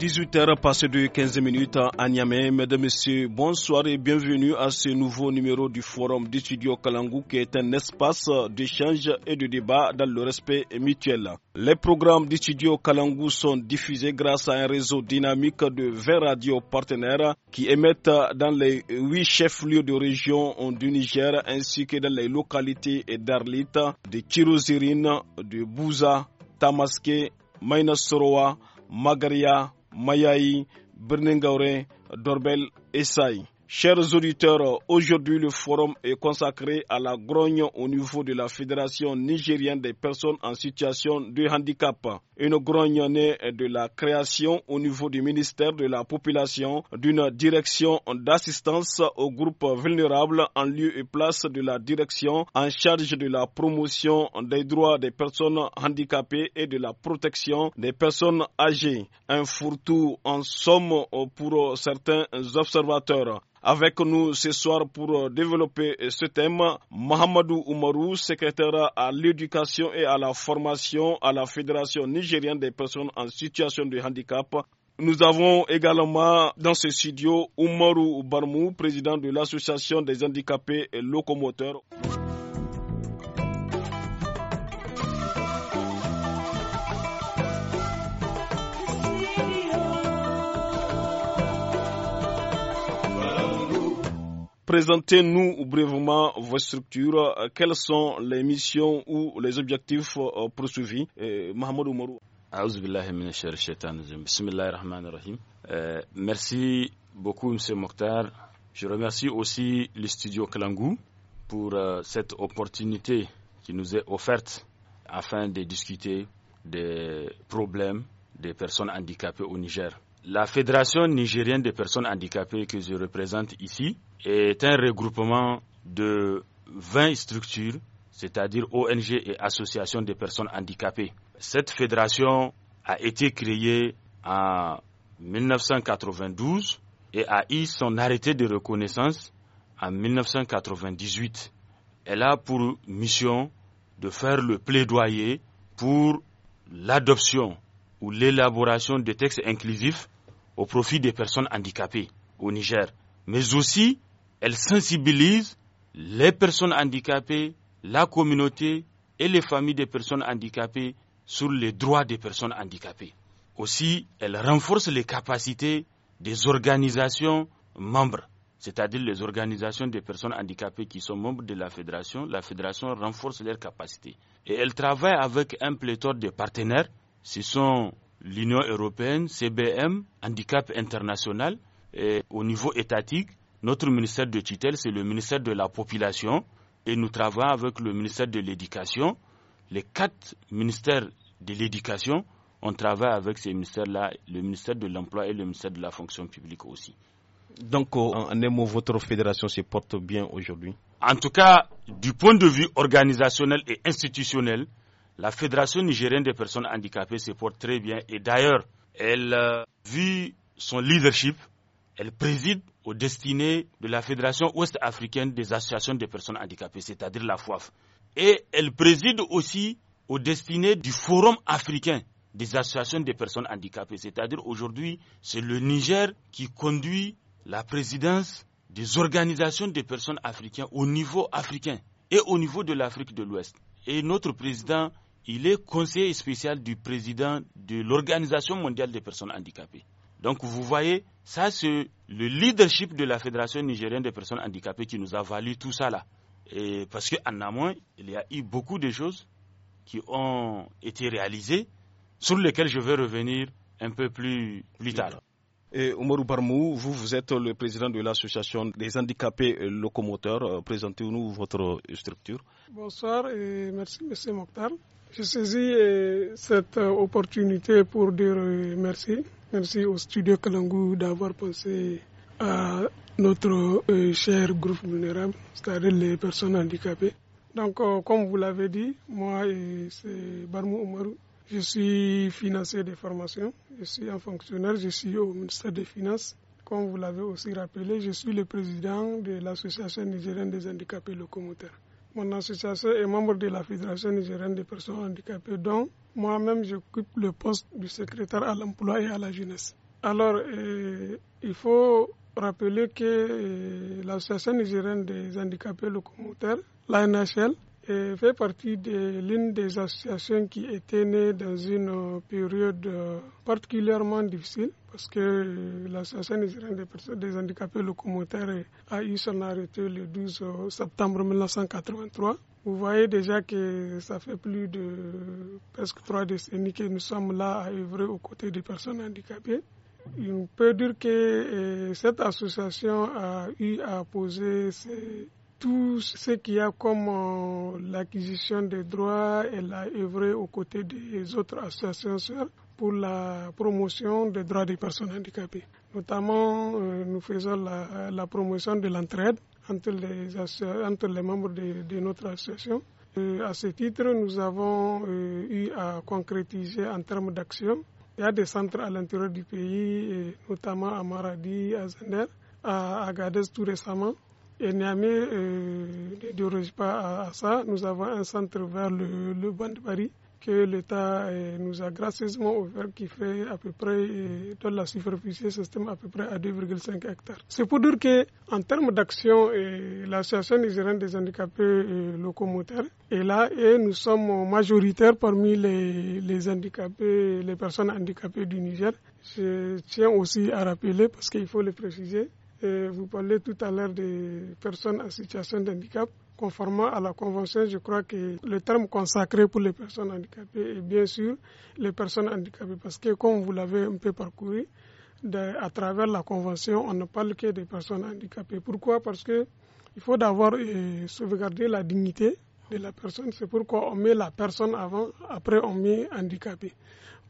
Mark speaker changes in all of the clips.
Speaker 1: 18h passé de 15 minutes à Niamey. Mesdames, Messieurs, bonsoir et bienvenue à ce nouveau numéro du Forum du Studio Kalangou qui est un espace d'échange et de débat dans le respect mutuel. Les programmes du Studio Kalangou sont diffusés grâce à un réseau dynamique de 20 radios partenaires qui émettent dans les 8 chefs-lieux de région du Niger ainsi que dans les localités d'Arlit, de Kirozirine, de Bouza, Tamaské, Mainasoroa, Magaria, mayayi birnin gaure dorbel isai Chers auditeurs, aujourd'hui le forum est consacré à la grogne au niveau de la Fédération nigérienne des personnes en situation de handicap. Une grogne née de la création au niveau du ministère de la Population d'une direction d'assistance aux groupes vulnérables en lieu et place de la direction en charge de la promotion des droits des personnes handicapées et de la protection des personnes âgées. Un fourre-tout en somme pour certains observateurs. Avec nous ce soir pour euh, développer euh, ce thème, Mohamedou Oumarou, secrétaire à l'éducation et à la formation à la Fédération nigérienne des personnes en situation de handicap. Nous avons également dans ce studio Oumarou Barmou, président de l'Association des handicapés et locomoteurs. Présentez-nous brièvement vos structures, euh, quelles sont les missions ou les objectifs euh, poursuivis. Euh,
Speaker 2: merci beaucoup, M. Mokhtar. Je remercie aussi le studio Klangou pour cette opportunité qui nous est offerte afin de discuter des problèmes des personnes handicapées au Niger. La Fédération nigérienne des personnes handicapées que je représente ici est un regroupement de 20 structures, c'est-à-dire ONG et associations des personnes handicapées. Cette fédération a été créée en 1992 et a eu son arrêté de reconnaissance en 1998. Elle a pour mission de faire le plaidoyer pour l'adoption ou l'élaboration de textes inclusifs au profit des personnes handicapées au Niger. Mais aussi, elle sensibilise les personnes handicapées, la communauté et les familles des personnes handicapées sur les droits des personnes handicapées. Aussi, elle renforce les capacités des organisations membres, c'est-à-dire les organisations des personnes handicapées qui sont membres de la fédération. La fédération renforce leurs capacités. Et elle travaille avec un pléthore de partenaires ce sont l'Union européenne, CBM, Handicap international, et au niveau étatique, notre ministère de tutelle, c'est le ministère de la population, et nous travaillons avec le ministère de l'éducation. Les quatre ministères de l'éducation, on travaille avec ces ministères-là, le ministère de l'emploi et le ministère de la fonction publique aussi.
Speaker 1: Donc, euh, en un mot, votre fédération se porte bien aujourd'hui
Speaker 2: En tout cas, du point de vue organisationnel et institutionnel, la Fédération nigérienne des personnes handicapées se porte très bien et d'ailleurs, elle, euh, vu son leadership, elle préside aux destinées de la Fédération ouest-africaine des associations des personnes handicapées, c'est-à-dire la FOAF. Et elle préside aussi au destinées du Forum africain des associations des personnes handicapées, c'est-à-dire aujourd'hui, c'est le Niger qui conduit la présidence des organisations des personnes africaines au niveau africain et au niveau de l'Afrique de l'Ouest. Et notre président il est conseiller spécial du président de l'Organisation mondiale des personnes handicapées. Donc vous voyez, ça c'est le leadership de la Fédération nigérienne des personnes handicapées qui nous a valu tout ça là. Et parce qu'en amont, il y a eu beaucoup de choses qui ont été réalisées, sur lesquelles je vais revenir un peu plus, plus tard. Et Barmou,
Speaker 1: vous, vous êtes le président de l'association des handicapés locomoteurs. Euh, présentez-nous votre structure.
Speaker 3: Bonsoir et merci, M. Mokhtar. Je saisis euh, cette euh, opportunité pour dire euh, merci. Merci au studio Kalangou d'avoir pensé à notre cher groupe vulnérable, c'est-à-dire les personnes handicapées. Donc, comme vous l'avez dit, moi, c'est Barmou Omarou. Je suis financier des formations, je suis un fonctionnaire, je suis au ministère des Finances. Comme vous l'avez aussi rappelé, je suis le président de l'Association nigérienne des handicapés locomoteurs. Mon association est membre de la Fédération nigérienne des personnes handicapées, donc moi-même j'occupe le poste du secrétaire à l'emploi et à la jeunesse. Alors, euh, il faut rappeler que euh, l'association nigérienne des handicapés locomoteurs, l'ANHL, fait partie de l'une des associations qui était née dans une période euh, particulièrement difficile parce que euh, l'association des personnes des handicapés locomoteurs a eu son arrêté le 12 euh, septembre 1983. Vous voyez déjà que ça fait plus de presque trois décennies que nous sommes là à œuvrer aux côtés des personnes handicapées. On peut dire que cette association a eu à poser ses tout ce qu'il y a comme euh, l'acquisition des droits, elle a œuvré aux côtés des autres associations pour la promotion des droits des personnes handicapées. Notamment, euh, nous faisons la, promotion de l'entraide entre les, entre les membres de, notre association. Euh, à ce titre, nous avons eu à concrétiser en termes d'action. Il y a des centres à l'intérieur du pays, notamment à Maradi, à Zender, à Agadez tout récemment. Et Niamey ne euh, déroge pas à, ça. Nous avons un centre vers le, le banc de Paris que l'État euh, nous a gracieusement offert qui fait à peu près, euh, dans la superficie système, à peu près à 2,5 hectares. C'est pour dire que en termes d'action, l'Association nigérienne des handicapés locomoteurs est là et nous sommes majoritaires parmi les, les handicapés, les personnes handicapées du Niger. Je tiens aussi à rappeler, parce qu'il faut le préciser, vous parlez tout à l'heure des personnes en situation de handicap. Conformément à la Convention, je crois que le terme consacré pour les personnes handicapées est bien sûr les personnes handicapées, parce que comme vous l'avez un peu parcouru, à travers la Convention, on ne parle que des personnes handicapées. Pourquoi Parce qu'il faut d'abord euh, sauvegarder la dignité de la personne. C'est pourquoi on met la personne avant, après on met handicapé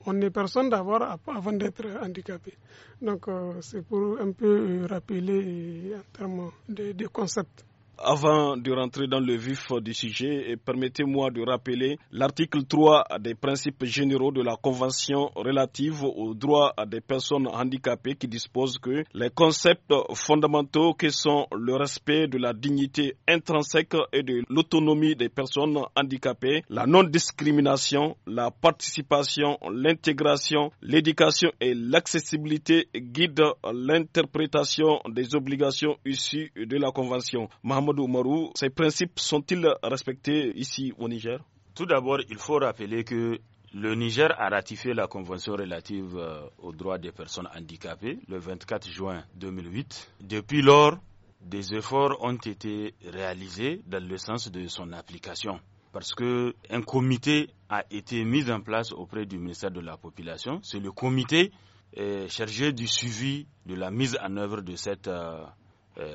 Speaker 3: on n'est personne d'abord avant d'être handicapé. Donc, euh, c'est pour un peu rappeler en termes de, de concepts
Speaker 1: avant de rentrer dans le vif du sujet, eh, permettez-moi de rappeler l'article 3 des principes généraux de la Convention relative aux droits des personnes handicapées qui dispose que les concepts fondamentaux que sont le respect de la dignité intrinsèque et de l'autonomie des personnes handicapées, la non-discrimination, la participation, l'intégration, l'éducation et l'accessibilité guident l'interprétation des obligations issues de la Convention. Mamadou ces principes sont-ils respectés ici au Niger
Speaker 2: Tout d'abord, il faut rappeler que le Niger a ratifié la Convention relative euh, aux droits des personnes handicapées le 24 juin 2008. Depuis lors, des efforts ont été réalisés dans le sens de son application parce que un comité a été mis en place auprès du ministère de la Population. C'est le comité euh, chargé du suivi de la mise en œuvre de cette euh,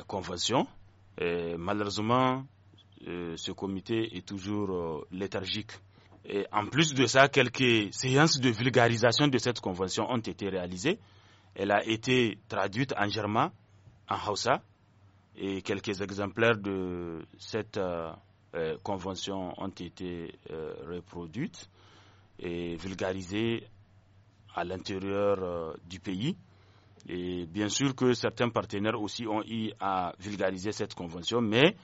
Speaker 2: convention malheureusement, euh, ce comité est toujours euh, léthargique. Et en plus de ça, quelques séances de vulgarisation de cette convention ont été réalisées. Elle a été traduite en germain, en hausa, et quelques exemplaires de cette euh, convention ont été reproduites et vulgarisées à l'intérieur du pays. Et bien sûr que certains partenaires aussi ont eu à vulgariser cette convention, mais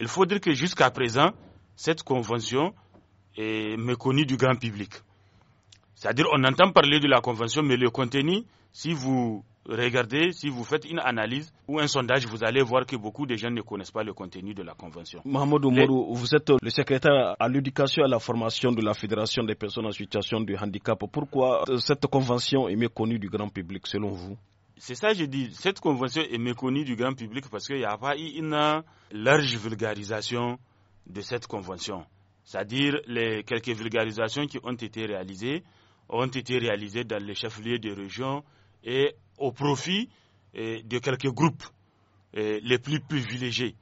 Speaker 2: il faut dire que jusqu'à présent, cette convention est méconnue du grand public. C'est-à-dire on entend parler de la convention, mais le contenu, si vous regardez, si vous faites une analyse ou un sondage, vous allez voir que beaucoup de gens ne connaissent pas le contenu de la convention. Mahmoud Oumarou,
Speaker 1: vous êtes le secrétaire à l'éducation et à la formation de la Fédération des personnes en situation de handicap. Pourquoi euh, cette convention est méconnue du grand public selon vous
Speaker 2: c'est ça, je dis, cette convention est méconnue du grand public parce qu'il n'y a pas eu une large vulgarisation de cette convention. C'est-à-dire, les quelques vulgarisations qui ont été réalisées ont été réalisées dans les chefs-lieux des régions et au profit de quelques groupes les plus privilégiés.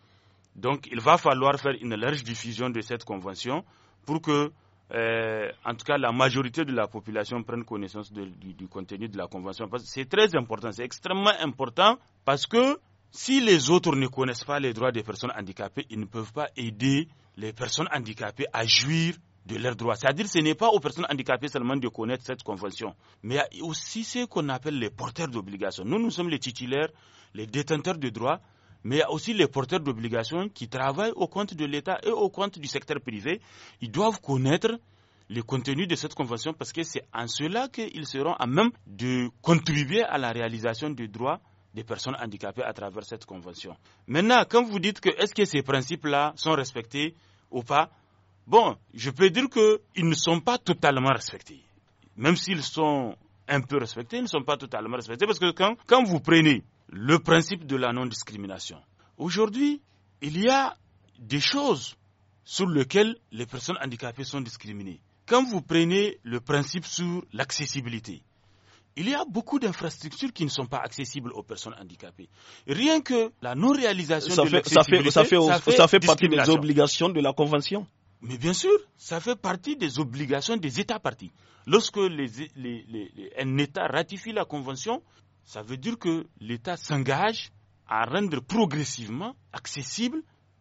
Speaker 2: Donc, il va falloir faire une large diffusion de cette convention pour que euh, en tout cas la majorité de la population prenne connaissance du, contenu de la convention. C'est très important, c'est extrêmement important parce que si les autres ne connaissent pas les droits des personnes handicapées, ils ne peuvent pas aider les personnes handicapées à jouir de leurs droits. C'est-à-dire ce n'est pas aux personnes handicapées seulement de connaître cette convention, mais aussi ce qu'on appelle les porteurs d'obligations. Nous, nous sommes les titulaires, les détenteurs de droits, mais il y a aussi les porteurs d'obligations qui travaillent au compte de l'État et au compte du secteur privé. Ils doivent connaître le contenu de cette convention parce que c'est en cela qu'ils seront à même de contribuer à la réalisation des droits des personnes handicapées à travers cette convention. Maintenant, quand vous dites que est-ce que ces principes-là sont respectés ou pas, bon, je peux dire qu'ils ne sont pas totalement respectés. Même s'ils sont un peu respectés, ils ne sont pas totalement respectés parce que quand, quand vous prenez le principe de la non-discrimination. Aujourd'hui, il y a des choses sur lesquelles les personnes handicapées sont discriminées. Quand vous prenez le principe sur l'accessibilité, il y a beaucoup d'infrastructures qui ne sont pas accessibles aux personnes handicapées. Rien que la non-réalisation de l'accessibilité, ça fait, ça fait, partie des obligations de la Convention. Mais bien sûr, ça fait partie des obligations des États partis. Lorsque un État ratifie la Convention, ça veut dire que l'État s'engage à rendre progressivement accessibles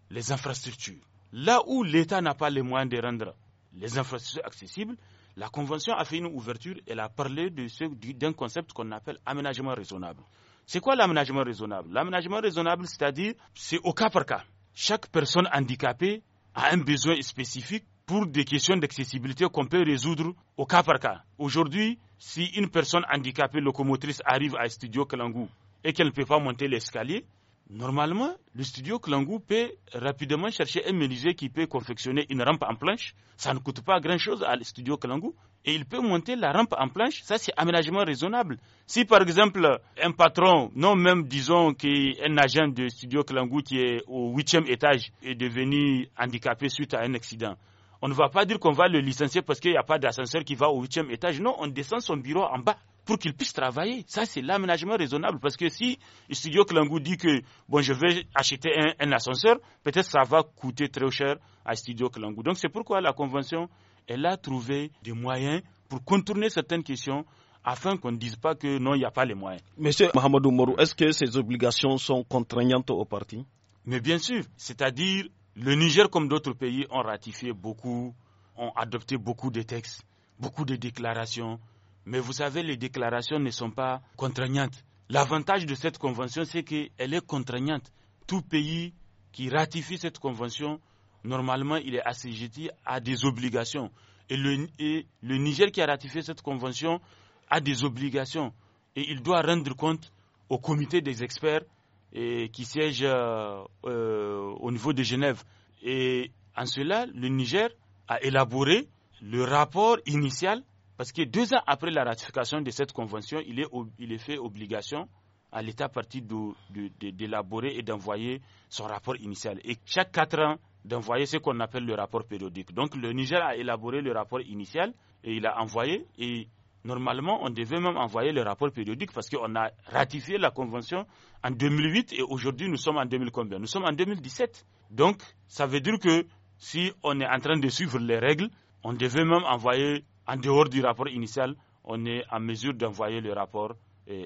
Speaker 2: les infrastructures. Là où l'État n'a pas les moyens de rendre les infrastructures accessibles, la Convention a fait une ouverture, elle a parlé d'un concept qu'on appelle aménagement raisonnable. C'est quoi l'aménagement raisonnable L'aménagement raisonnable, c'est-à-dire, c'est au cas par cas. Chaque personne handicapée a un besoin spécifique pour des questions d'accessibilité qu'on peut résoudre au cas par cas. Aujourd'hui, si une personne handicapée locomotrice arrive à Studio Kalangu et qu'elle ne peut pas monter l'escalier, normalement, le Studio Kalangu peut rapidement chercher un menuisier qui peut confectionner une rampe en planche. Ça ne coûte pas grand-chose à Studio Kalangu. Et il peut monter la rampe en planche. Ça, c'est aménagement raisonnable. Si, par exemple, un patron, non même, disons, qu'un agent de Studio Kalangu qui est au huitième étage est devenu handicapé suite à un accident, on ne va pas dire qu'on va le licencier parce qu'il n'y a pas d'ascenseur qui va au huitième étage. Non, on descend son bureau en bas pour qu'il puisse travailler. Ça, c'est l'aménagement raisonnable. Parce que si Studio Klangou dit que bon, je vais acheter un, ascenseur, peut-être ça va coûter très cher à Studio Klangou. Donc c'est pourquoi la Convention, elle a trouvé des moyens pour contourner certaines questions afin qu'on ne dise pas que non, il n'y a pas les moyens.
Speaker 1: Monsieur Mohamedou Mourou, est-ce que ces obligations sont contraignantes aux parti
Speaker 2: Mais bien sûr, c'est-à-dire le Niger, comme d'autres pays, ont ratifié beaucoup, ont adopté beaucoup de textes, beaucoup de déclarations. Mais vous savez, les déclarations ne sont pas contraignantes. L'avantage de cette convention, c'est qu'elle est contraignante. Tout pays qui ratifie cette convention, normalement, il est assujetti à des obligations. et le Niger qui a ratifié cette convention a des obligations. Et il doit rendre compte au comité des experts et qui siège euh, euh, au niveau de Genève. Et en cela, le Niger a élaboré le rapport initial, parce que deux ans après la ratification de cette convention, il est, fait obligation à l'État parti d'élaborer et d'envoyer son rapport initial. Et chaque quatre ans, d'envoyer ce qu'on appelle le rapport périodique. Donc le Niger a élaboré le rapport initial et il a envoyé. Et Normalement, on devait même envoyer le rapport périodique parce qu'on a ratifié la convention en 2008 et aujourd'hui nous sommes en combien Nous sommes en 2017. Donc, ça veut dire que si on est en train de suivre les règles, on devait même envoyer, en dehors du rapport initial, on est en mesure d'envoyer le rapport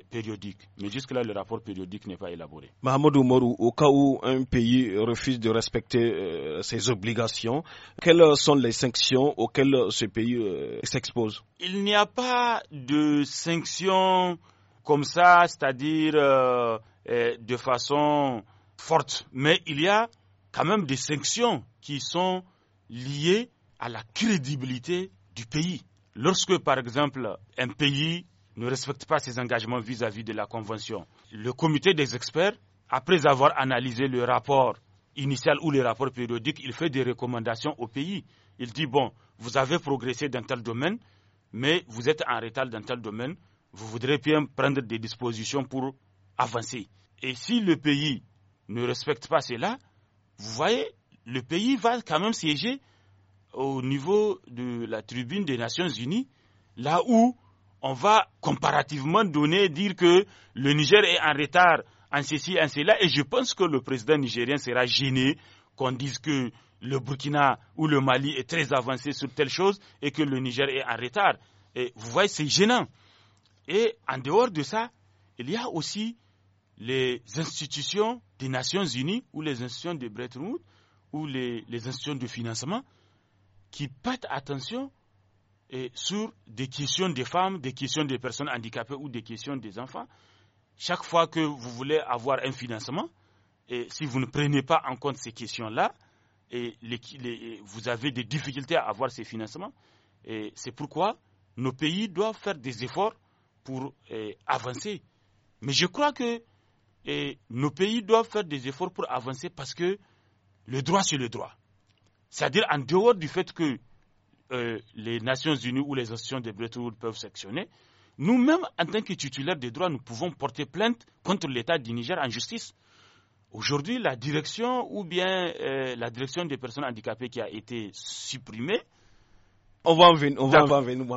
Speaker 2: périodique. Mais jusque-là, le rapport périodique n'est pas élaboré.
Speaker 1: Mohamed Oumarou, au cas où un pays refuse de respecter euh, ses obligations, quelles sont les sanctions auxquelles ce pays euh, s'expose
Speaker 2: Il n'y a pas de sanctions comme ça, c'est-à-dire euh, de façon forte. Mais il y a quand même des sanctions qui sont liées à la crédibilité du pays. Lorsque, par exemple, un pays ne respecte pas ses engagements vis-à-vis de la Convention. Le comité des experts, après avoir analysé le rapport initial ou le rapport périodique, il fait des recommandations au pays. Il dit, bon, vous avez progressé dans tel domaine, mais vous êtes en retard dans tel domaine, vous voudrez bien prendre des dispositions pour avancer. Et si le pays ne respecte pas cela, vous voyez, le pays va quand même siéger au niveau de la tribune des Nations Unies, là où on va comparativement donner, dire que le Niger est en retard en ceci, en cela, et je pense que le président nigérien sera gêné qu'on dise que le Burkina ou le Mali est très avancé sur telle chose et que le Niger est en retard. vous voyez, c'est gênant. Et en dehors de ça, il y a aussi les institutions des Nations Unies ou les institutions de Bretton Woods ou les, institutions de financement qui prêtent attention sur des questions des femmes, des questions des personnes handicapées ou des questions des enfants. Chaque fois que vous voulez avoir un financement, et si vous ne prenez pas en compte ces questions-là, et les, vous avez des difficultés à avoir ces financements. Et c'est pourquoi nos pays doivent faire des efforts pour avancer. Mais je crois que nos pays doivent faire des efforts pour avancer parce que le droit, c'est le droit. C'est-à-dire en dehors du fait que euh, les Nations Unies ou les associations de Bretton peuvent sectionner, nous-mêmes, en tant que titulaires des droits, nous pouvons porter plainte contre l'État du Niger en justice. Aujourd'hui, la direction ou bien euh, la direction des personnes handicapées qui a été supprimée,
Speaker 1: on va en venir, on va venir,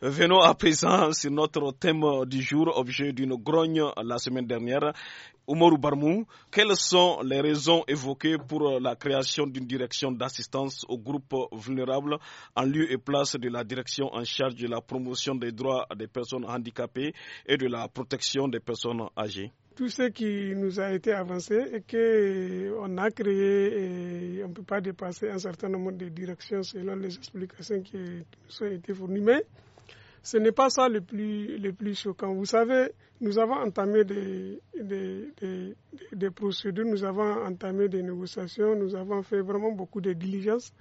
Speaker 1: Venons à présent sur notre thème du jour, objet d'une grogne la semaine dernière. Oumarou Barmou, quelles sont les raisons évoquées pour la création d'une direction d'assistance aux groupes vulnérables en lieu et place de la direction en charge de la promotion des droits des personnes handicapées et de la protection des personnes âgées?
Speaker 3: tout ce qui nous a été avancé et qu'on euh, a créé, et euh, on ne peut pas dépasser un certain nombre de directions selon les explications qui nous ont été fournies. Mais ce n'est pas ça le plus, le choquant. Vous savez, nous avons entamé des, des, procédures, nous avons entamé des négociations, nous avons fait vraiment beaucoup de diligence.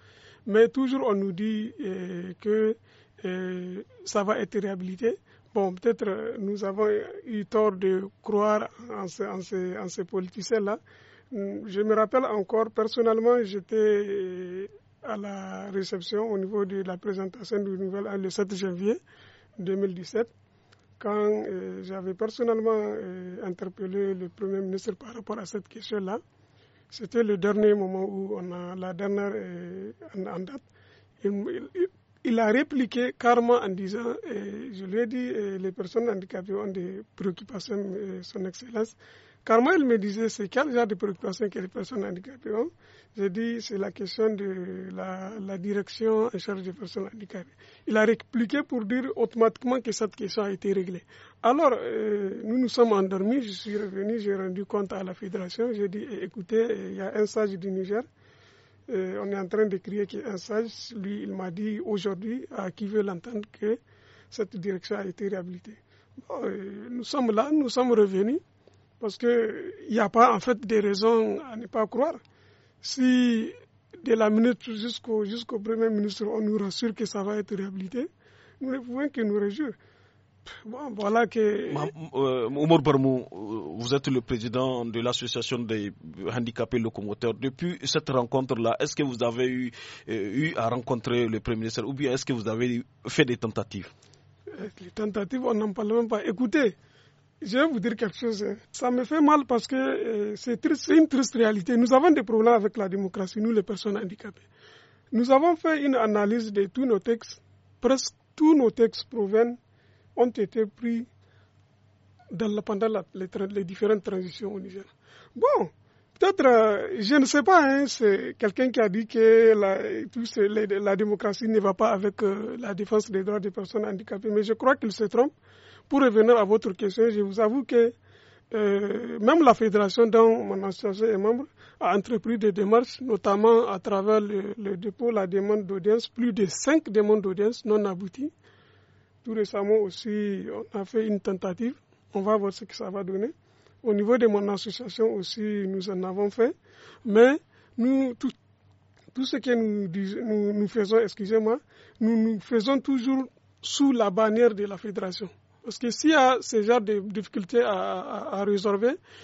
Speaker 3: mais toujours on nous dit euh, que ça va être réhabilité Bon, peut-être euh, nous avons eu tort de croire en ces, politiciens-là. Hum, je me rappelle encore, personnellement, j'étais euh, à la réception au niveau de la présentation du nouvel le 7 janvier 2017, quand euh, j'avais personnellement interpellé le Premier ministre par rapport à cette question-là. C'était le dernier moment où on a la dernière en, date. Il a répliqué carrément en disant, et je lui ai dit, les personnes handicapées ont des préoccupations, euh, son excellence. Carrément, il me disait, c'est quel genre de préoccupations que les personnes handicapées ont J'ai dit, c'est la question de la, la, direction en charge des personnes handicapées. Il a répliqué pour dire automatiquement que cette question a été réglée. Alors, euh, nous nous sommes endormis, je suis revenu, j'ai rendu compte à la fédération, j'ai dit, eh, écoutez, il y a un sage du Niger euh, on est en train de crier qu'il un sage. Lui, il m'a dit aujourd'hui, à qui veut l'entendre, que cette direction a été réhabilitée. Euh, nous sommes là, nous sommes revenus, parce qu'il n'y a pas en fait des raisons à ne pas croire. Si de la minute jusqu'au jusqu'au Premier ministre, on nous rassure que ça va être réhabilité, nous ne pouvons que nous réjouir voilà que. Euh,
Speaker 1: Omar Barmou, euh, vous êtes le président de l'association des handicapés locomoteurs. Depuis cette rencontre-là, est-ce que vous avez eu, euh, eu à rencontrer le Premier ministre ou bien est-ce que vous avez fait des tentatives
Speaker 3: Les tentatives, on n'en parle même pas. Écoutez, je vais vous dire quelque chose. Hein. Ça me fait mal parce que c'est une triste réalité. Nous avons des problèmes avec la démocratie, nous les personnes handicapées. Nous avons fait une analyse de tous nos textes. Presque tous nos textes proviennent ont été pris pendant les, différentes transitions au Niger. Bon, peut-être, euh, je ne sais pas, hein, c'est quelqu'un qui a dit que la, démocratie ne va pas avec euh, la défense des droits des personnes handicapées, mais je crois qu'il se trompe. Pour revenir à votre question, je vous avoue que euh, même la fédération dont mon association est membre a entrepris des démarches, notamment à travers le, le dépôt, la demande d'audience, plus de cinq demandes d'audience non abouties tout récemment aussi, on a fait une tentative. On va voir ce que ça va donner. Au niveau de mon association aussi, nous en avons fait. Mais nous, tout, ce que nous, faisons, excusez-moi, nous nous faisons toujours sous la bannière de la fédération. Parce que s'il y a ce genre de difficultés à, à,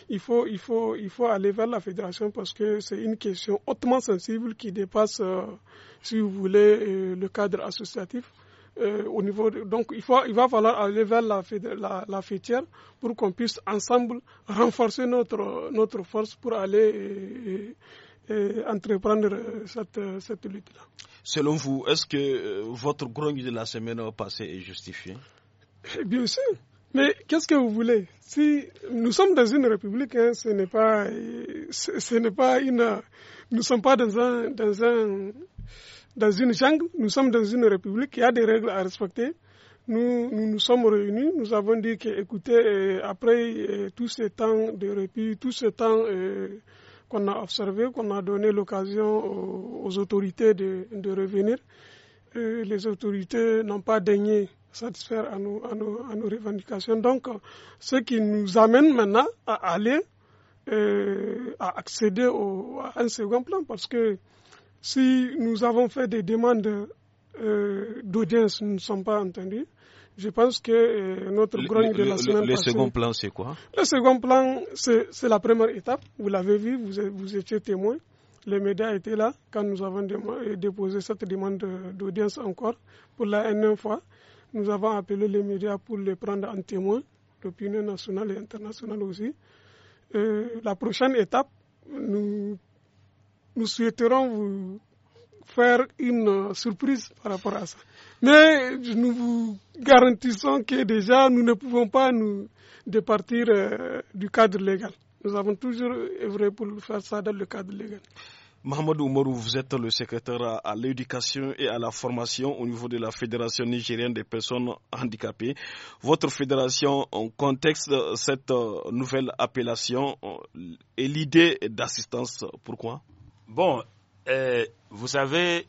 Speaker 3: il faut, il, faut, il faut aller vers la fédération parce que c'est une question hautement sensible qui dépasse, euh, si vous voulez, euh, le cadre associatif. Euh, au niveau donc il, faut, il va falloir aller vers la, fêtière pour qu'on puisse ensemble renforcer notre, notre force pour aller euh, euh, entreprendre cette, cette lutte-là.
Speaker 1: Selon vous, est-ce que votre grogne de la semaine passée est justifiée
Speaker 3: eh Bien sûr. Mais qu'est-ce que vous voulez Si nous sommes dans une république, hein, ce n'est pas, ce, une, nous sommes pas dans dans un dans une jungle, nous sommes dans une république, il y a des règles à respecter. Nous, nous, sommes réunis, nous avons dit que, écoutez, euh, après euh, tout ce temps de répit, tout ce temps euh, qu'on a observé, qu'on a donné l'occasion aux, autorités de, revenir, les autorités n'ont pas daigné satisfaire à nos, revendications. Donc, ce qui nous amène maintenant à aller, à accéder au, à un second plan, parce que si nous avons fait des demandes euh, d'audience, nous ne sommes pas entendus. Je pense que euh, notre grogne de la semaine passée... Le second
Speaker 1: plan, c'est quoi
Speaker 3: Le second plan, c'est la première étape. Vous l'avez vu, vous, étiez témoin. Les médias étaient là quand nous avons euh, déposé cette demande d'audience encore pour la énième fois. Nous avons appelé les médias pour les prendre en témoin, l'opinion nationale et internationale aussi. la prochaine étape, nous nous souhaiterons vous faire une euh, surprise par rapport à ça. Mais nous vous garantissons que déjà, nous ne pouvons pas nous départir euh, du cadre légal. Nous avons toujours œuvré pour faire ça dans le cadre légal.
Speaker 1: Mohamed Oumarou, vous êtes le secrétaire à l'éducation et à la formation au niveau de la Fédération nigérienne des personnes handicapées. Votre fédération en contexte cette euh, nouvelle appellation et l'idée d'assistance, pourquoi
Speaker 2: Bon, euh, vous savez,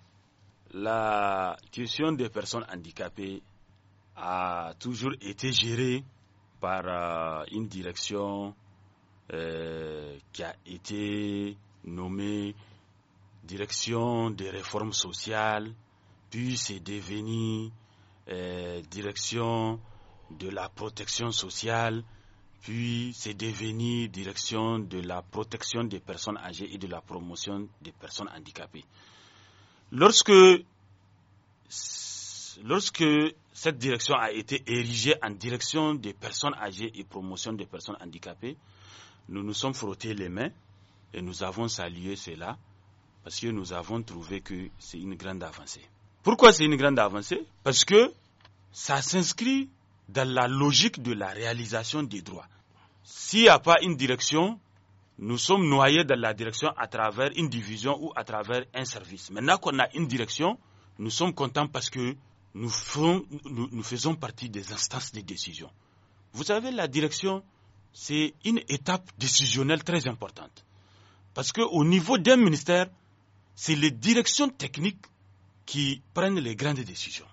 Speaker 2: la question des personnes handicapées a toujours été gérée par euh, une direction euh, qui a été nommée direction des réformes sociales, puis c'est devenu direction de la protection sociale, puis c'est devenu direction de la protection des personnes âgées et de la promotion des personnes handicapées. Lorsque, lorsque cette direction a été érigée en direction des personnes âgées et promotion des personnes handicapées, nous nous sommes frottés les mains et nous avons salué cela parce que nous avons trouvé que c'est une grande avancée. Pourquoi c'est une grande avancée Parce que ça s'inscrit dans la logique de la réalisation des droits. S'il n'y a pas une direction, nous sommes noyés dans la direction à travers une division ou à travers un service. Maintenant qu'on a une direction, nous sommes contents parce que nous faisons, partie des instances de décision. Vous savez, la direction, c'est une étape décisionnelle très importante. Parce qu'au niveau d'un ministère, c'est les directions techniques qui prennent les grandes décisions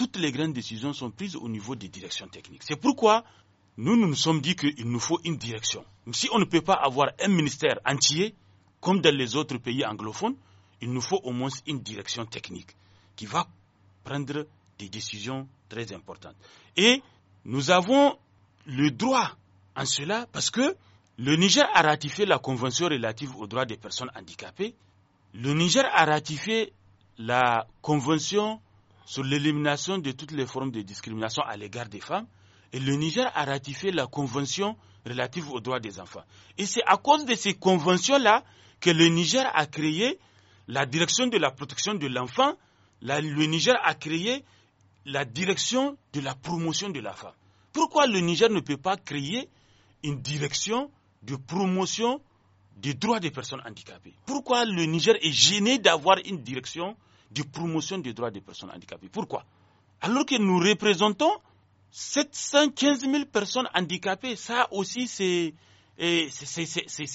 Speaker 2: toutes les grandes décisions sont prises au niveau des directions techniques. C'est pourquoi nous, nous sommes dit qu'il nous faut une direction. Si on ne peut pas avoir un ministère entier, comme dans les autres pays anglophones, il nous faut au moins une direction technique qui va prendre des décisions très importantes. Et nous avons le droit en cela parce que le Niger a ratifié la Convention relative aux droits des personnes handicapées. Le Niger a ratifié la Convention sur l'élimination de toutes les formes de discrimination à l'égard des femmes. Et le Niger a ratifié la convention relative aux droits des enfants. Et c'est à cause de ces conventions-là que le Niger a créé la direction de la protection de l'enfant. Le Niger a créé la direction de la promotion de la femme. Pourquoi le Niger ne peut pas créer une direction de promotion des droits des personnes handicapées Pourquoi le Niger est gêné d'avoir une direction de promotion des droits des personnes handicapées. Pourquoi Alors que nous représentons 715 000 personnes handicapées. Ça aussi, c'est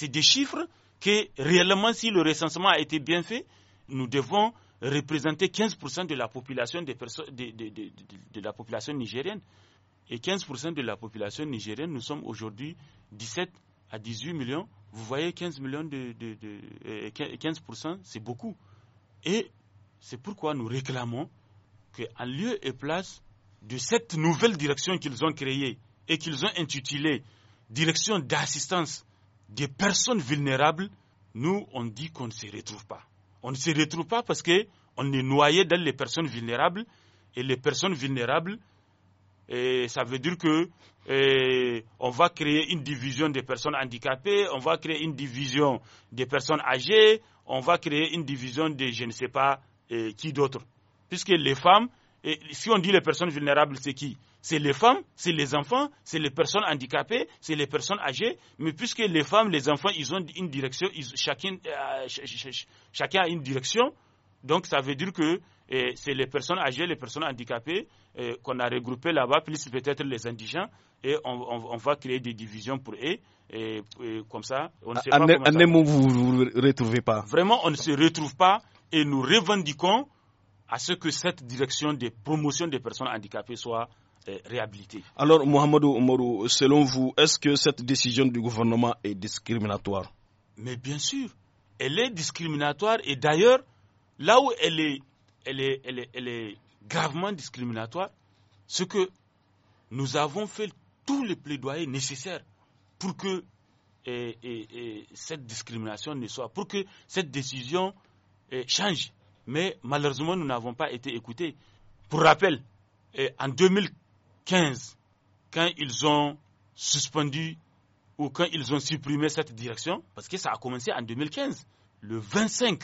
Speaker 2: des chiffres que réellement, si le recensement a été bien fait, nous devons représenter 15% de la population des de, de, de, la population nigérienne. Et 15% de la population nigérienne, nous sommes aujourd'hui 17 à 18 millions. Vous voyez, 15 millions de, 15%, euh, c'est beaucoup. Et c'est pourquoi nous réclamons qu'en lieu et place de cette nouvelle direction qu'ils ont créée et qu'ils ont intitulée Direction d'assistance des personnes vulnérables, nous, on dit qu'on ne se retrouve pas. On ne se retrouve pas parce qu'on est noyé dans les personnes vulnérables et les personnes vulnérables, et ça veut dire que on va créer une division des personnes handicapées, on va créer une division des personnes âgées, on va créer une division des je ne sais pas et qui d'autre Puisque les femmes, et si on dit les personnes vulnérables, c'est qui C'est les femmes, c'est les enfants, c'est les personnes handicapées, c'est les personnes âgées. Mais puisque les femmes, les enfants, ils ont une direction, chacun, euh, chacun a une direction, donc ça veut dire que eh, c'est les personnes âgées, les personnes handicapées eh, qu'on a regroupées là-bas, plus peut-être les indigents, et on, va créer des divisions pour eux. Et, comme ça, on ne ah, sait pas. En,
Speaker 1: vous ne vous retrouvez pas.
Speaker 2: Vraiment, on ne se retrouve pas et nous revendiquons à ce que cette direction de promotion des personnes handicapées soit euh, réhabilitée.
Speaker 1: Alors, Mohamed Oumarou, selon vous, est-ce que cette décision du gouvernement est discriminatoire
Speaker 2: Mais bien sûr, elle est discriminatoire et d'ailleurs, là où elle est, gravement discriminatoire, c'est que nous avons fait tous les plaidoyers nécessaires pour que cette discrimination ne soit, pour que cette décision change. Mais malheureusement, nous n'avons pas été écoutés. Pour rappel, en 2015, quand ils ont suspendu ou quand ils ont supprimé cette direction, parce que ça a commencé en 2015, le 25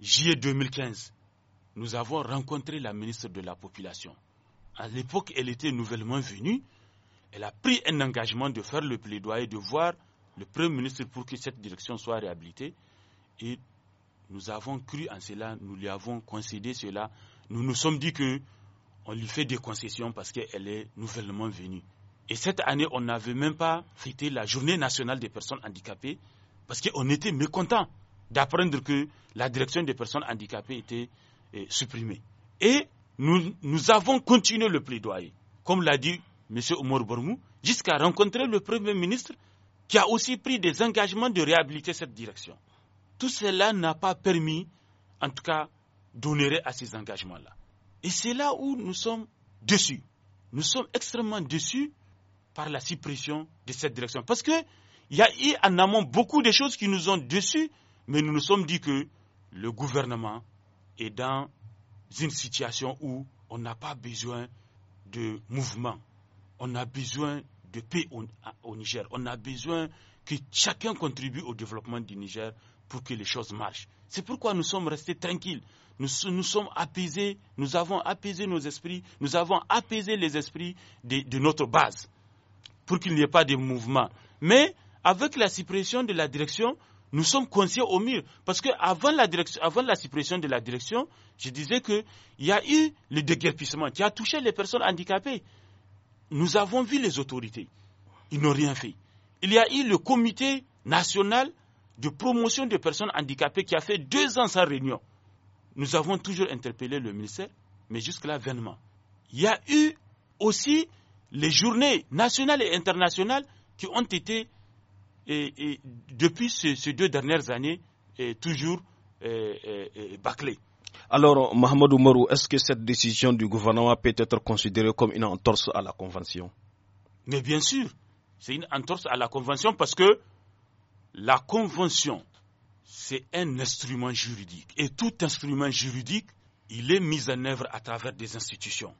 Speaker 2: juillet 2015, nous avons rencontré la ministre de la Population. À l'époque, elle était nouvellement venue. Elle a pris un engagement de faire le plaidoyer, de voir le Premier ministre pour que cette direction soit réhabilitée. Et nous avons cru en cela, nous lui avons concédé cela. Nous nous sommes dit que lui fait des concessions parce qu'elle est nouvellement venue. Et cette année, on n'avait même pas fêté la journée nationale des personnes handicapées parce qu'on était mécontents d'apprendre que la direction des personnes handicapées était eh, supprimée. Et nous, avons continué le plaidoyer, comme l'a dit M. Omar Bormou, jusqu'à rencontrer le Premier ministre qui a aussi pris des engagements de réhabiliter cette direction. Tout cela n'a pas permis, en tout cas, d'honorer à ces engagements-là. Et c'est là où nous sommes déçus. Nous sommes extrêmement déçus par la suppression de cette direction. Parce qu'il y a eu en amont beaucoup de choses qui nous ont déçus, mais nous nous sommes dit que le gouvernement est dans une situation où on n'a pas besoin de mouvement. On a besoin de paix au Niger. On a besoin que chacun contribue au développement du Niger pour que les choses marchent. C'est pourquoi nous sommes restés tranquilles. Nous, sommes apaisés, nous avons apaisé nos esprits, nous avons apaisé les esprits de, notre base pour qu'il n'y ait pas de mouvement. Mais avec la suppression de la direction, nous sommes conscients au mur. Parce qu'avant la, avant la suppression de la direction, je disais qu'il y a eu le déguerpissement qui a touché les personnes handicapées. Nous avons vu les autorités. Ils n'ont rien fait. Il y a eu le comité national de promotion des personnes handicapées qui a fait deux ans sa réunion. Nous avons toujours interpellé le ministère, mais jusque-là, vainement. Il y a eu aussi les journées nationales et internationales qui ont été, depuis ces, deux dernières années, toujours bâclées.
Speaker 1: Alors, Mohamed Oumarou, est-ce que cette décision du gouvernement peut être considérée comme une entorse à la Convention
Speaker 2: Mais bien sûr, c'est une entorse à la Convention parce que la convention, c'est un instrument juridique. Et tout instrument juridique, il est mis en œuvre à travers des institutions.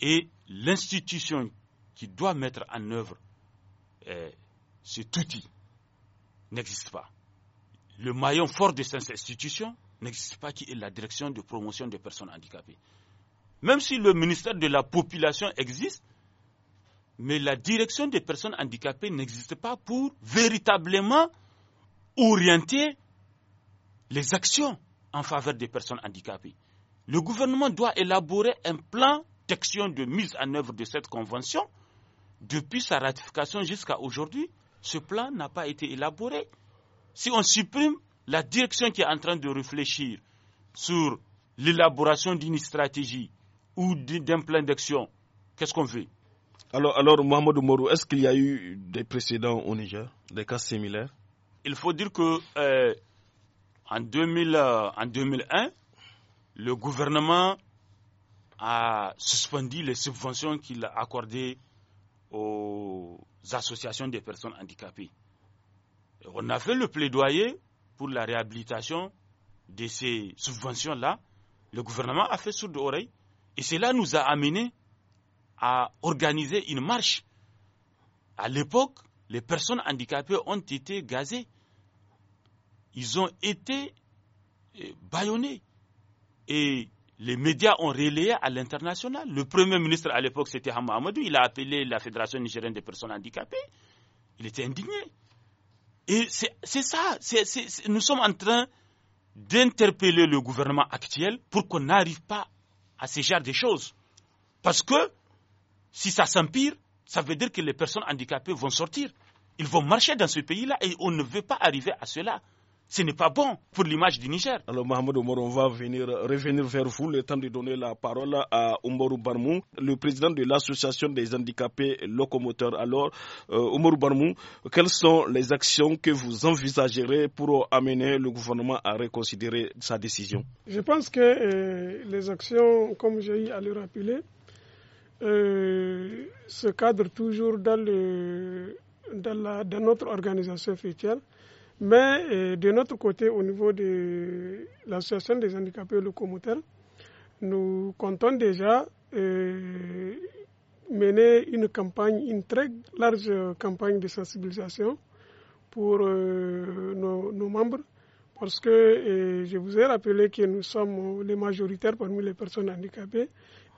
Speaker 2: Et l'institution qui doit mettre en œuvre eh, cet outil n'existe pas. Le maillon fort de ces institutions n'existe pas, qui est la direction de promotion des personnes handicapées. Même si le ministère de la population existe, mais la direction des personnes handicapées n'existe pas pour véritablement orienter les actions en faveur des personnes handicapées. Le gouvernement doit élaborer un plan d'action de mise en œuvre de cette convention. Depuis sa ratification jusqu'à aujourd'hui, ce plan n'a pas été élaboré. Si on supprime la direction qui est en train de réfléchir sur l'élaboration d'une stratégie ou d'un plan d'action, qu'est-ce qu'on veut
Speaker 1: alors, Mohamed Moro, est-ce qu'il y a eu des précédents au Niger, des cas similaires
Speaker 2: Il faut dire que euh, en, 2001, euh, le gouvernement a suspendu les subventions qu'il a accordées aux associations des personnes handicapées. on a fait le plaidoyer pour la réhabilitation de ces subventions-là. Le gouvernement a fait sourde oreille et cela nous a amené a organisé une marche. À l'époque, les personnes handicapées ont été gazées. Ils ont été eh, bâillonnés. Et les médias ont relayé à l'international. Le premier ministre à l'époque, c'était Hamadou. Il a appelé la Fédération nigérienne des personnes handicapées. Il était indigné. Et c'est ça. nous sommes en train d'interpeller le gouvernement actuel pour qu'on n'arrive pas à ce genre de choses. Parce que si ça s'empire, ça veut dire que les personnes handicapées vont sortir. Ils vont marcher dans ce pays-là et on ne veut pas arriver à cela. Ce n'est pas bon pour l'image
Speaker 1: du Niger. Alors, Mohamed Omar, on va venir, revenir vers vous, le temps de donner la parole à Omarou Barmou, le président de l'Association des handicapés locomoteurs. Alors, euh, Oumar Barmou, quelles sont les actions que vous envisagerez pour amener le gouvernement à reconsidérer sa décision
Speaker 3: Je pense que euh, les actions, comme j'ai eu à le rappeler, se cadre toujours dans, le, dans, notre organisation officielle, Mais euh, de notre côté, au niveau de l'association des handicapés locomoteurs, nous comptons déjà euh, mener une campagne, une très large campagne de sensibilisation pour euh, nos, nos, membres, parce que je vous ai rappelé que nous sommes les majoritaires parmi les personnes handicapées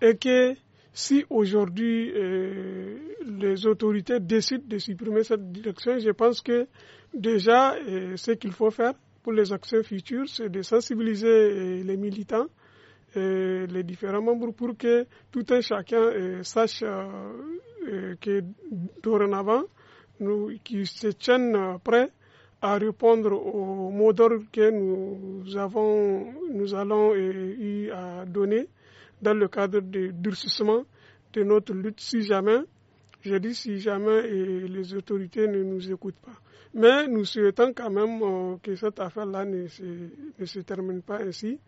Speaker 3: et que si aujourd'hui euh, les autorités décident de supprimer cette direction, je pense que déjà euh, ce qu'il faut faire pour les actions futures, c'est de sensibiliser euh, les militants, et les différents membres, pour que tout un chacun sache que dorénavant, nous, qui se tiennent prêts à répondre aux mots d'ordre que nous avons, nous allons eu à donner dans le cadre du durcissement de notre lutte si jamais, je dis si jamais et les autorités ne nous écoutent pas. Mais nous souhaitons quand même euh, que cette affaire-là ne, se, termine pas ainsi.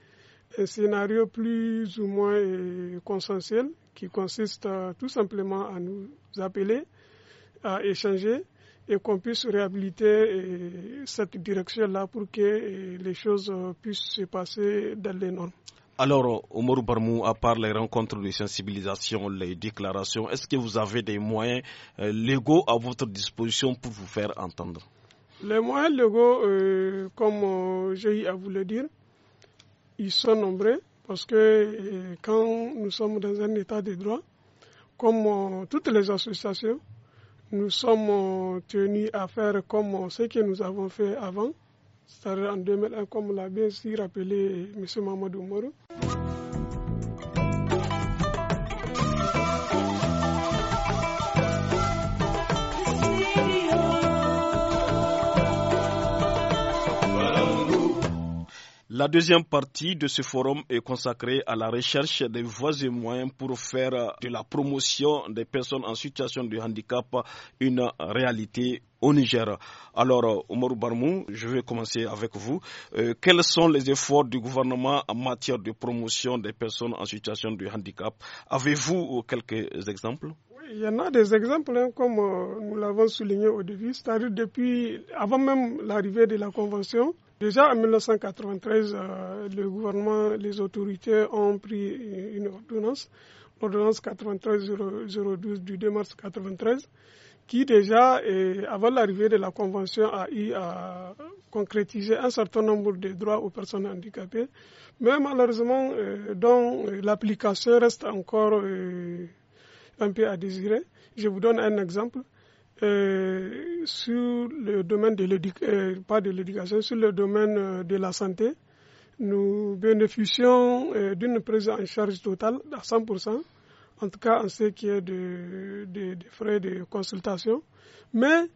Speaker 3: Un scénario plus ou moins euh, consensuel qui consiste tout simplement à nous appeler, à échanger et qu'on puisse réhabiliter euh, cette direction-là pour que les choses puissent se passer dans les normes.
Speaker 1: Alors, Omar Barmou, à part les rencontres de sensibilisation, les déclarations, est-ce que vous avez des moyens euh, légaux à votre disposition pour vous faire entendre
Speaker 3: Les moyens légaux, euh, comme euh, j'ai eu à vous le dire, ils sont nombreux parce que quand nous sommes dans un état de droit, comme toutes les associations, nous sommes tenus à faire comme ce que nous avons fait avant, cest en 2001, comme l'a bien si rappelé M. Mamadou Moro.
Speaker 1: La deuxième partie de ce forum est consacrée à la recherche des voies et moyens pour faire de la promotion des personnes en situation de handicap une réalité au Niger. Alors, Omarou Barmou, je vais commencer avec vous. Euh, quels sont les efforts du gouvernement en matière de promotion des personnes en situation de handicap Avez-vous quelques exemples
Speaker 3: il y en a des exemples, hein, comme euh, nous l'avons souligné au début, c'est-à-dire depuis, avant même l'arrivée de la Convention, Déjà en 1993, euh, le gouvernement, les autorités ont pris une ordonnance, l'ordonnance 93-012 du 2 mars 1993, qui déjà, avant l'arrivée de la Convention, a eu à concrétiser un certain nombre de droits aux personnes handicapées, mais malheureusement, euh, dont euh, l'application reste encore un peu à désirer. Je vous donne un exemple. Euh, sur le domaine de l'éducation, euh, pas de l'éducation, sur le domaine euh, de la santé, nous bénéficions d'une prise en charge totale à 100%, en tout cas en ce qui est des de, frais de consultation. Mais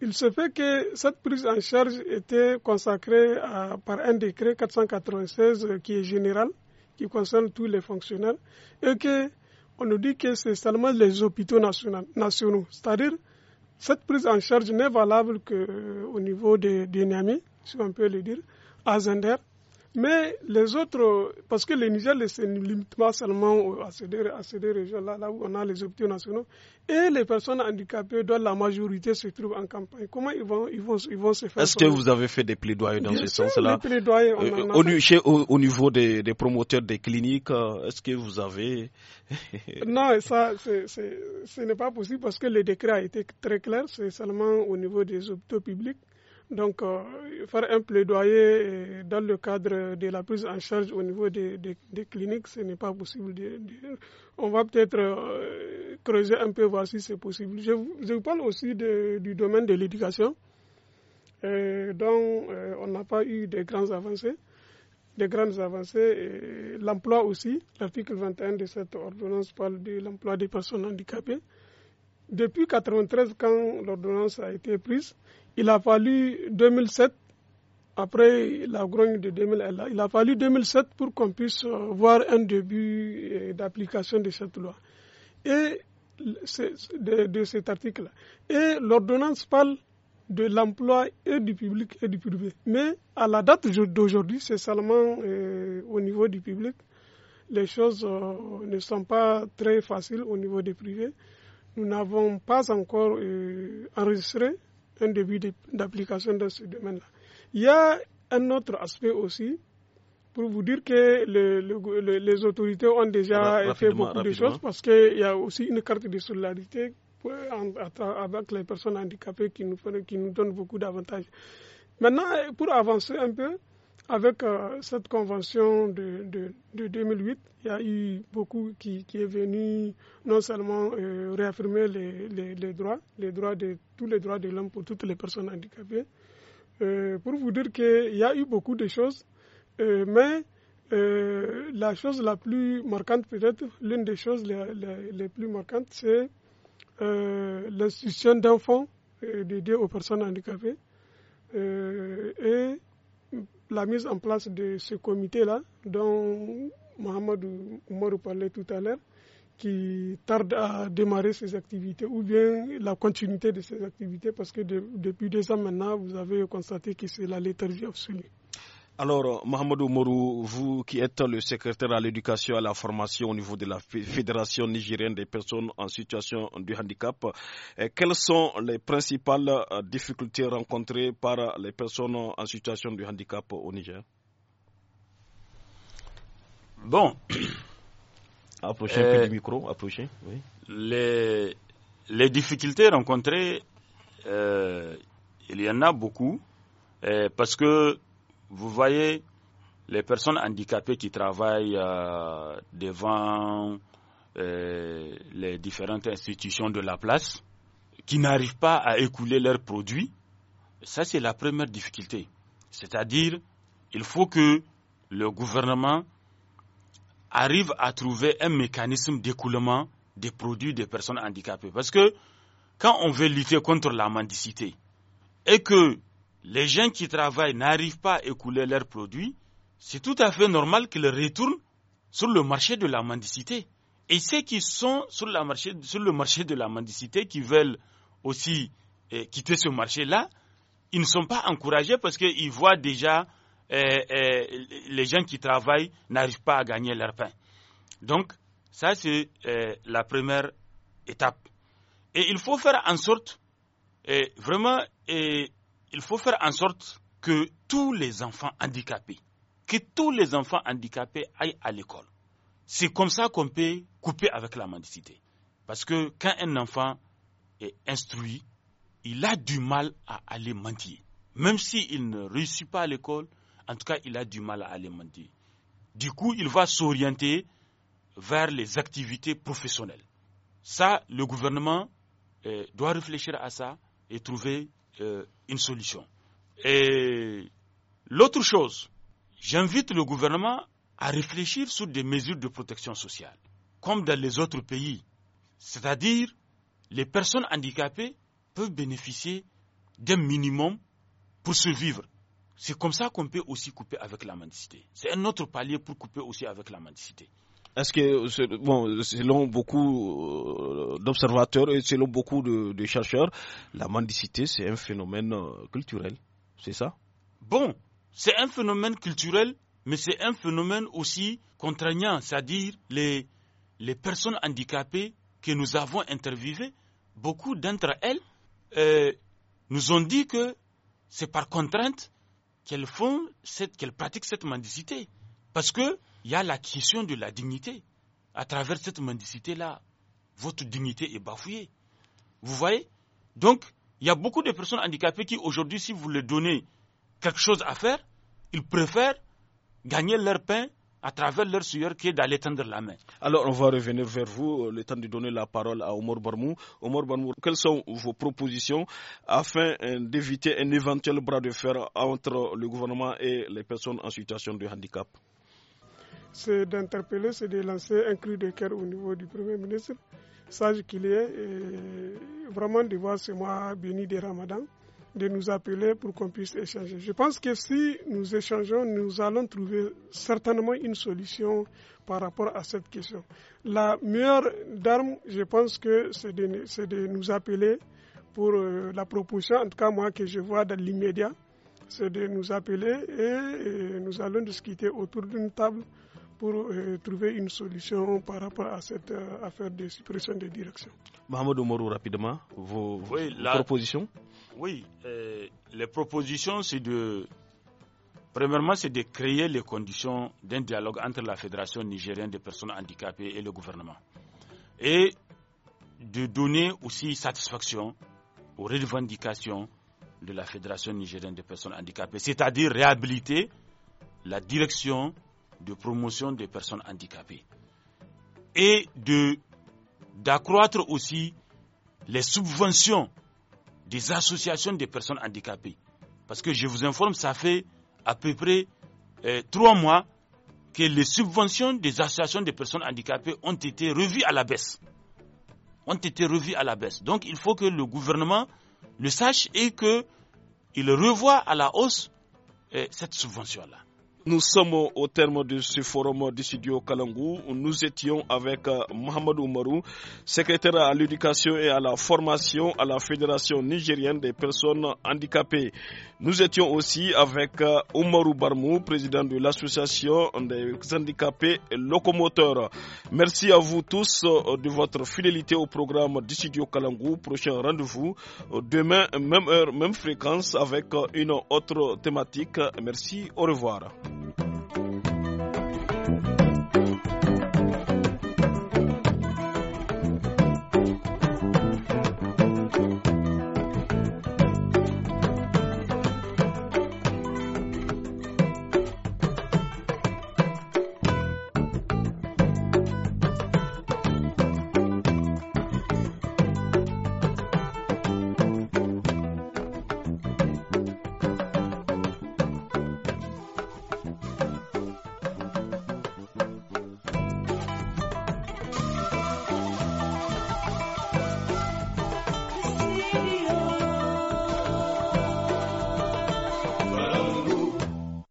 Speaker 3: il se fait que cette prise en charge était consacrée par un décret 496 qui est général, qui concerne tous les fonctionnaires, et que on nous dit que c'est seulement les hôpitaux nationaux, nationaux c'est-à-dire cette prise en charge n'est valable qu'au euh, niveau des Niamey, si on peut le dire, à Zender, mais les autres, parce que le Niger ne se limite pas seulement à ces deux, régions-là, là où on a les hôpitaux nationaux, et les personnes handicapées dont la majorité se trouve en campagne. Comment ils vont, ils vont, ils vont se faire Est-ce que vous
Speaker 1: avez fait des plaidoyers dans ce sens-là euh, au, au, niveau des, promoteurs des cliniques, euh, est-ce que vous avez
Speaker 3: Non, ça, ce n'est pas possible parce que le décret a été très clair, c'est seulement au niveau des hôpitaux publics. Donc, euh, faire un plaidoyer euh, dans le cadre de la prise en charge au niveau des, cliniques, ce n'est pas possible. De, On va peut-être euh, creuser un peu, voir si c'est possible. Je vous, parle aussi du domaine de l'éducation, dont on n'a pas eu de grandes avancées. De grandes avancées, l'emploi aussi. L'article 21 de cette ordonnance parle de l'emploi des personnes handicapées. Depuis 1993, quand l'ordonnance a été prise, il a fallu 2007, après la grogne de 2000. il a fallu 2007 pour qu'on puisse euh, voir un début euh, d'application de cette loi. Et de, cet article. Et l'ordonnance parle de l'emploi et du public et du privé. Mais à la date d'aujourd'hui, c'est seulement euh, au niveau du public. Les choses ne sont pas très faciles au niveau du privé. Nous n'avons pas encore enregistré un début d'application dans ce domaine-là. Il y a un autre aspect aussi, pour vous dire que les autorités ont déjà fait beaucoup de choses parce qu'il y a aussi une carte de solidarité avec les personnes handicapées qui nous, qui nous donne beaucoup d'avantages. Maintenant, pour avancer un peu, avec euh, cette convention de, 2008, il y a eu beaucoup qui, est venu non seulement euh, réaffirmer les, droits, les droits de tous les droits de l'homme pour toutes les personnes handicapées. Euh, pour vous dire qu'il y a eu beaucoup de choses, mais la chose la plus marquante, peut-être l'une des choses les, plus marquantes, c'est l'institution d'enfants dédiés aux personnes handicapées. et la mise en place de ce comité-là, dont Mohamed Oumarou parlait tout à l'heure, qui tarde à démarrer ses activités ou bien la continuité de ses activités parce que depuis deux ans maintenant, vous avez constaté que c'est la léthargie absolue.
Speaker 1: Alors, Mohamed Oumourou, vous qui êtes le secrétaire à l'éducation et à la formation au niveau de la Fédération nigérienne des personnes en situation de handicap, eh, quelles sont les principales euh, difficultés rencontrées par les personnes en situation de handicap au Niger
Speaker 2: Bon. Approchez euh, micro, approchez. Les, difficultés rencontrées, euh, il y en a beaucoup, eh, parce que vous voyez, les personnes handicapées qui travaillent euh, devant euh, les différentes institutions de la place, qui n'arrivent pas à écouler leurs produits, ça c'est la première difficulté. C'est-à-dire, il faut que le gouvernement arrive à trouver un mécanisme d'écoulement des produits des personnes handicapées. Parce que quand on veut lutter contre la mendicité et que les gens qui travaillent n'arrivent pas à écouler leurs produits, c'est tout à fait normal qu'ils retournent sur le marché de la mendicité. Et ceux qui sont sur, marché, sur le marché de la mendicité, qui veulent aussi eh, quitter ce marché-là, ils ne sont pas encouragés parce qu'ils voient déjà eh, eh, les gens qui travaillent n'arrivent pas à gagner leur pain. Donc, ça, c'est la première étape. Et il faut faire en sorte, vraiment, il faut faire en sorte que tous les enfants handicapés, que tous les enfants handicapés aillent à l'école. C'est comme ça qu'on peut couper avec la mendicité. Parce que quand un enfant est instruit, il a du mal à aller mendier. Même s'il ne réussit pas à l'école, en tout cas, il a du mal à aller mendier. Du coup, il va s'orienter vers les activités professionnelles. Ça, le gouvernement euh, doit réfléchir à ça et trouver euh, une solution. Et l'autre chose, j'invite le gouvernement à réfléchir sur des mesures de protection sociale, comme dans les autres pays. C'est-à-dire, les personnes handicapées peuvent bénéficier d'un minimum pour se vivre C'est comme ça qu'on peut aussi couper avec la mendicité. C'est un autre palier pour couper aussi avec la mendicité.
Speaker 1: Est-ce que, selon beaucoup euh, d'observateurs et selon beaucoup de, chercheurs, la mendicité, c'est
Speaker 2: un phénomène euh, culturel, c'est ça Bon, c'est un phénomène culturel, mais c'est un phénomène aussi contraignant, c'est-à-dire les, les personnes handicapées que nous avons interviewées, beaucoup d'entre elles euh, nous ont dit que c'est par contrainte qu'elles font qu'elles pratiquent cette mendicité. Parce que il y a la question de la dignité. À travers cette mendicité-là, votre dignité est bafouée. Vous voyez Donc, il y a beaucoup de personnes handicapées qui, aujourd'hui, si vous leur donnez quelque chose à faire, ils préfèrent gagner leur pain à travers leur sueur qui est d'aller tendre la main.
Speaker 1: Alors, on va revenir vers vous, euh, le temps de donner la parole à Omar Barmou. Omar Barmou, quelles sont vos propositions afin euh, d'éviter un éventuel bras de fer entre le gouvernement et les personnes en situation de handicap
Speaker 3: c'est d'interpeller, c'est de lancer un cri de cœur au niveau du Premier ministre, sage qu'il est, et vraiment de voir ce mois béni de Ramadan, de nous appeler pour qu'on puisse échanger. Je pense que si nous échangeons, nous allons trouver certainement une solution par rapport à cette question. La meilleure d'arme, je pense que c'est de, de, nous appeler pour euh, la proposition, en tout cas moi que je vois dans l'immédiat, c'est de nous appeler et nous allons discuter autour d'une table pour euh, trouver une solution par rapport à cette euh, affaire de suppression des directions.
Speaker 2: Mahmoud
Speaker 1: Omorou, rapidement,
Speaker 2: vos, oui,
Speaker 1: la... propositions
Speaker 2: Oui, euh, les propositions, c'est de. Premièrement, c'est de créer les conditions d'un dialogue entre la Fédération nigérienne des personnes handicapées et le gouvernement. Et de donner aussi satisfaction aux revendications de la Fédération nigérienne des personnes handicapées, c'est-à-dire réhabiliter la direction de promotion des personnes handicapées et de d'accroître aussi les subventions des associations des personnes handicapées. Parce que je vous informe, ça fait à peu près euh, trois mois que les subventions des associations des personnes handicapées ont été revues à la baisse. Ont été revues à la baisse. Donc il faut que le gouvernement le sache et qu'il revoie à la hausse euh, cette subvention-là. Nous sommes
Speaker 1: au terme de ce forum du studio Kalangou. Nous étions avec euh, Mohamed Oumarou, secrétaire à l'éducation et à la formation à la Fédération nigérienne des personnes handicapées. Nous étions aussi avec euh, Oumarou Barmou, président de l'association des handicapés locomoteurs. Merci à vous tous euh, de votre fidélité au programme du studio Kalangou. Prochain rendez-vous demain, même heure, même fréquence avec une autre thématique. Merci, au revoir. うん。